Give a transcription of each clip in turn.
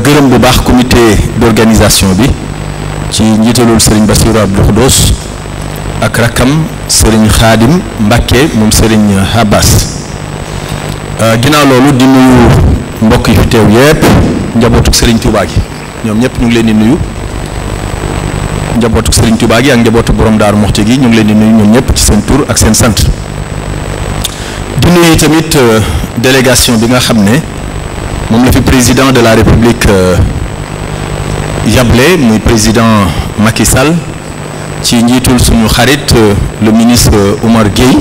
gërëm bu baax comité d'organisation bi ci njiitalul sëriñ Bassirou Abdou Khoudoss ak rakkam sëriñ Khadim Mbacké moom sëriñ Habas euh, ginnaaw loolu di nuyu mbokk yi fi teew yépp njabootuk sëriñ Touba gi ñoom ñëpp ñu ngi leen di nuyu njabootuk seriñ Touba gi ak njabootu borom Daaru Muxti gi ñu ngi leen di nuyu ñoom ñëpp ci seen tur ak seen sant di tamit euh, délégation bi nga xam ne Mon la fi président de la république euh, Yamblé, mon président Macky Sall ci njiitul suñu xarit euh, le ministre euh, Oumar Gueye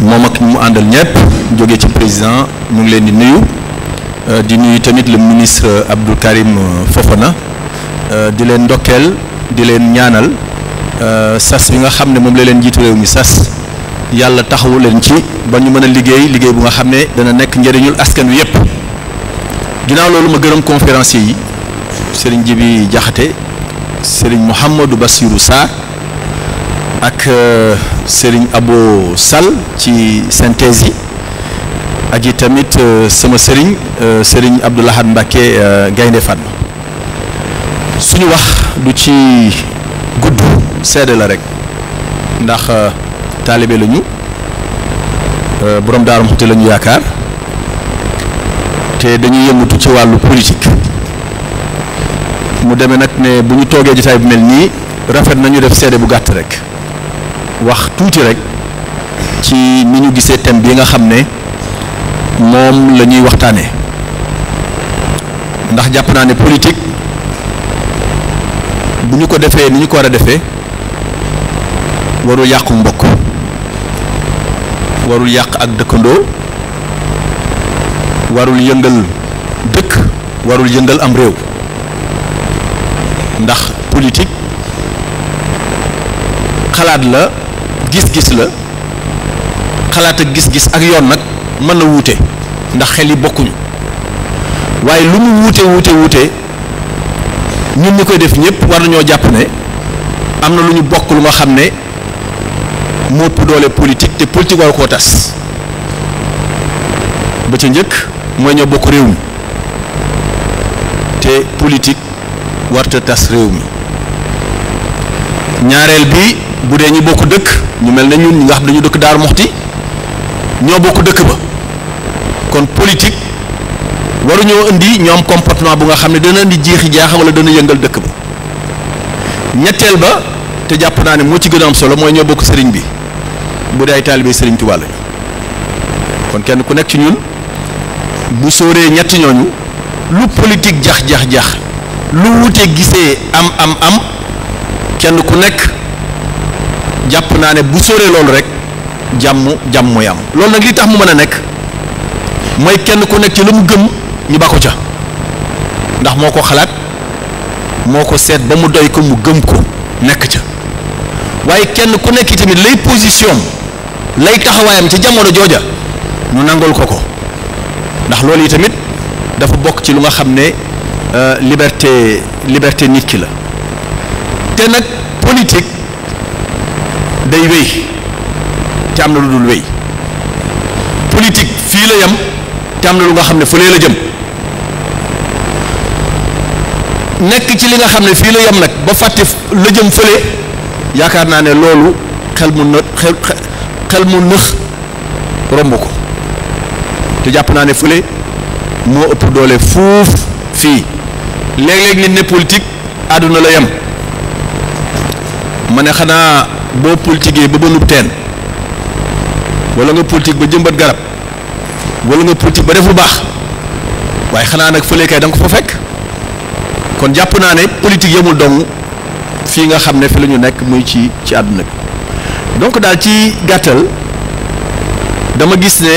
mon ak mu àndal le ci président ñu ngi dit nous nuyu di nuyu tamit le ministre Abdou Karim Fofana di leen ndokkeel di leen ñaanal sas bi nga xam ne moom la leen mi sas Yalla taxawu ci ba ñu mën a liggéey liggéey bu nga xamné ne dana nek njëriñul askan wi yëpp. ginnaaw loolu ma gërëm conférencier yi sëriñ Jibi Jaxate sëriñ du Bassirou Sarr ak euh, sëriñ Abo sal ci synthèse yi ak yi tamit euh, sama sëriñ euh, sëriñ Abdou Lahad Mbacké Gaynde Fatma suñu wax du ci gudd seede la rek ndax taalibe lañu borom Daaru Muxti lañu yaakaar te dañuy yëngatu ci wàllu politique mu demee nag ne bu ñu toogee jotaay bu mel nii rafet nañu def seede bu gàtt rek wax tuuti rek ci ni ñu gisee thème bi nga xam ne moom la ñuy waxtaanee ndax jàpp naa ne politique bu ñu ko defee ni ñu ko war a defee warul yàqu mbokk warul yàq ak dëkkandoo. warul yëngal dëkk warul yëngal am réew ndax politique xalaat la gis-gis la xalaat ak gis-gis ak yoon nag mën na wuute ndax xel yi bokkuñu waaye lu mu wuute wuute wuute ñun ñu koy def ñëpp war nañoo jàpp ne am na lu ñu bokk lu nga xam ne moo ëpp doole te politique war koo tas ba ca njëkk mooy ñoo bokk réew mi te politique warta tas réew mi ñaareel bi bu dee ñi bokk dëkk ñu mel na ñun ñi nga xam dañu dëkk Daaru Moxti ñoo bokk dëkk ba kon politique ñoo indi ñoo am comportement bu nga xam ne dana indi jeexi jaaxa wala dana yëngal dëkk ba ñetteel ba te jàpp naa ne moo ci gën a am solo mooy ñoo bokk sëriñ bi bu dee ay taalibe sëriñ Tuubaa lañu kon kenn ku nekk ci ñun bu sóoree ñett ñooñu lu politique jax-jax-jax lu wute gisee am am am kenn ku nekk jàpp naa ne bu sóoree loolu rek jàmm jàmm mooy am loolu nag li tax mu mën a nekk mooy kenn ku nekk ci la mu gëm ñu ba ca ndax moo ko xalaat moo ko seet ba mu doy ko mu gëm ko nekk ca waaye kenn ku nekk tamit lay position lay taxawaayam ci jamono jooja ñu nangul ko ko ndax loolu yi tamit dafa bokk ci lu nga xam ne euh, liberté liberté nit ki la te nag politique day wéy te am na lu dul wéy politique fii la yem te am na lu nga xam ne fële la jëm nekk ci li nga xam ne fii la yem nag ba fàtte la jëm fële yaakaar naa ne loolu xel mu në xel mu nëx romb ko te jàpp naa ne fële moo ëpp doole fuuf fii léeg-léeg nit ne politique àdduna la yem ma ne xanaa boo politiquee ba ba nub teen wala nga politique ba jëmbat garab wala nga politique ba def baax waaye xanaa nag fële kay da ko fa fekk kon jàpp naa ne politique yemul dong fii nga xam ne fi la ñu nekk muy ci ci àdduna bi donc daal ci gàttal dama gis ne.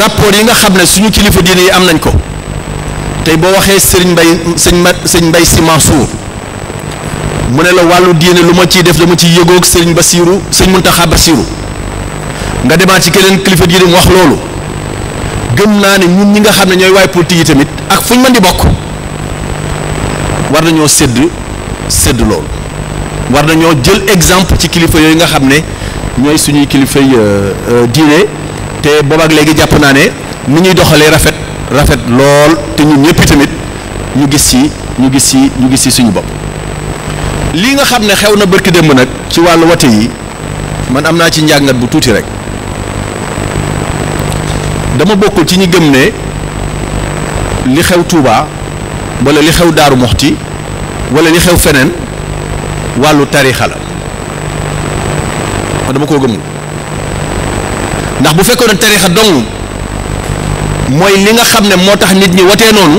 rapport yi nga xam ne suñu kilifa diine yi am nañ ko tey boo waxee sëriñ mbay sëñ sëñ mbay si Mansour mu ne la wàllu diine lu ma ciy def ma ciy yëgoog sëriñ Basiiru sëñ Muntaxa Basiiru nga demaat ci keneen kilifa diine mu wax loolu gën naa ne ñun ñi nga xam ne ñooy waay politique yi tamit ak fuñ ñu mën di bokk war nañoo sédd sédd loolu war nañoo jël exemple ci kilifa yooyu nga xam ne ñooy suñuy kilifay euh, euh, diine te boobaak léegi jàpp naa ne ni ñuy doxalee rafet rafet lool te ñu ñëpp tamit ñu gis ci ñu gis ci ñu gis si suñu bopp lii nga xam ne xew na bërki démb nag ci wàllu wate yi man am naa ci njàngat bu tuuti rek dama bokkul ci ñu gëm ne li xew tuubaa walla li xew Daaru Moxti walla li xew feneen wàllu tariixa la dama koo gëmul ndax bu fekkoon ne tarixa dong mooy li nga xam ne moo tax nit ñi watee noonu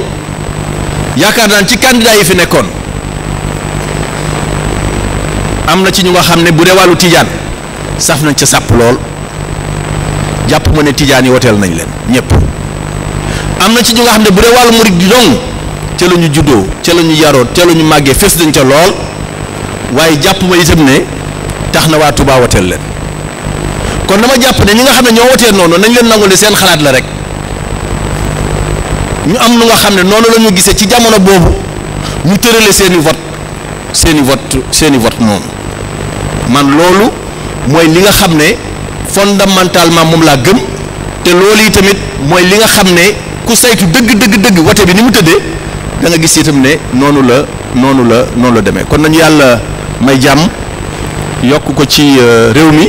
yaakaar naan ci candidat yi fi nekkoon am na ci ñu nga xam ne bu dee wàllu tiijaan saf nañ ca sàpp lool jàpp ma ne tijaan yi woteel nañ leen ñëpp am na ci ñu nga xam ne bu dee wàllu murid dong ca la ñu juddoo ca la ñu yaroo ca la ñu màggee fees dañ ca lool waaye jàpp ma itam ne tax na waa Tuubaa woteel leen kon dama jàpp ne ñi nga xam ne ñoo wotee noonu nañ leen nangu ne seen xalaat la rek ñu am nu nga xam ne noonu la gisee ci jamono boobu ñu tërale seen i vote seen i vote seen noonu man loolu mooy li nga xam ne fondamentalement moom laa gëm te loolu tamit mooy li nga xam ne ku saytu dëgg dëgg dëgg bi ni mu tëddee da nga gis itam ne noonu la noonu la noonu la demee kon nañu yàlla may jàmm yokk ko ci euh, réew mi.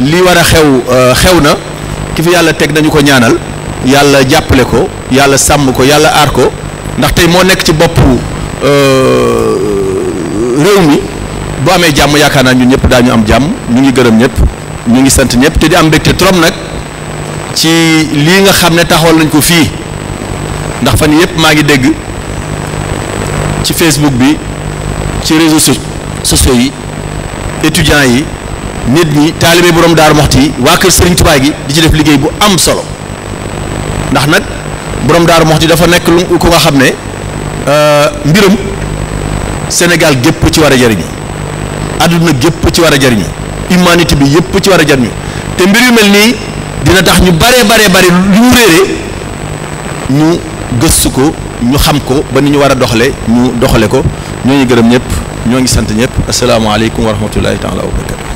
li war a xew euh, xew na ki fi yàlla teg nañu ko ñaanal yàlla jàppale ko yàlla sàmm ko yàlla aar ko ndax tey moo nekk ci boppu euh, réew mi boo amee jàmm yaakaar naa ñun ñëpp daañu am jàmm ñu ngi gërëm ñëpp ñu ngi sant ñëpp te di am mbégte trop nag ci lii nga xam ne taxawal nañ ko fii ndax fan yëpp maa ngi dégg ci Facebook bi ci réseaux sociaux yi étudiants yi. nit ñi taalibe boroom daaru moxti yi waa kër sëriñ Tuubaa gi di ci def liggéey bu am solo ndax nag borom daaru moxti dafa nekk lu ko nga xam ne euh, mbiram Sénégal gépp ci war a jariñu àdduna gépp ci war a jariñu humanité bi yëpp ci war a jariñu te mbir yu mel nii dina tax ñu bare bare bare lu mu réere ñu gëstu ko ñu xam ko ba ni ñu war a doxale ñu doxale ko ñoo ñu gërëm ñëpp ñoo ngi sant ñëpp asalaamaaleykum wa rahmatullahi taala barakatu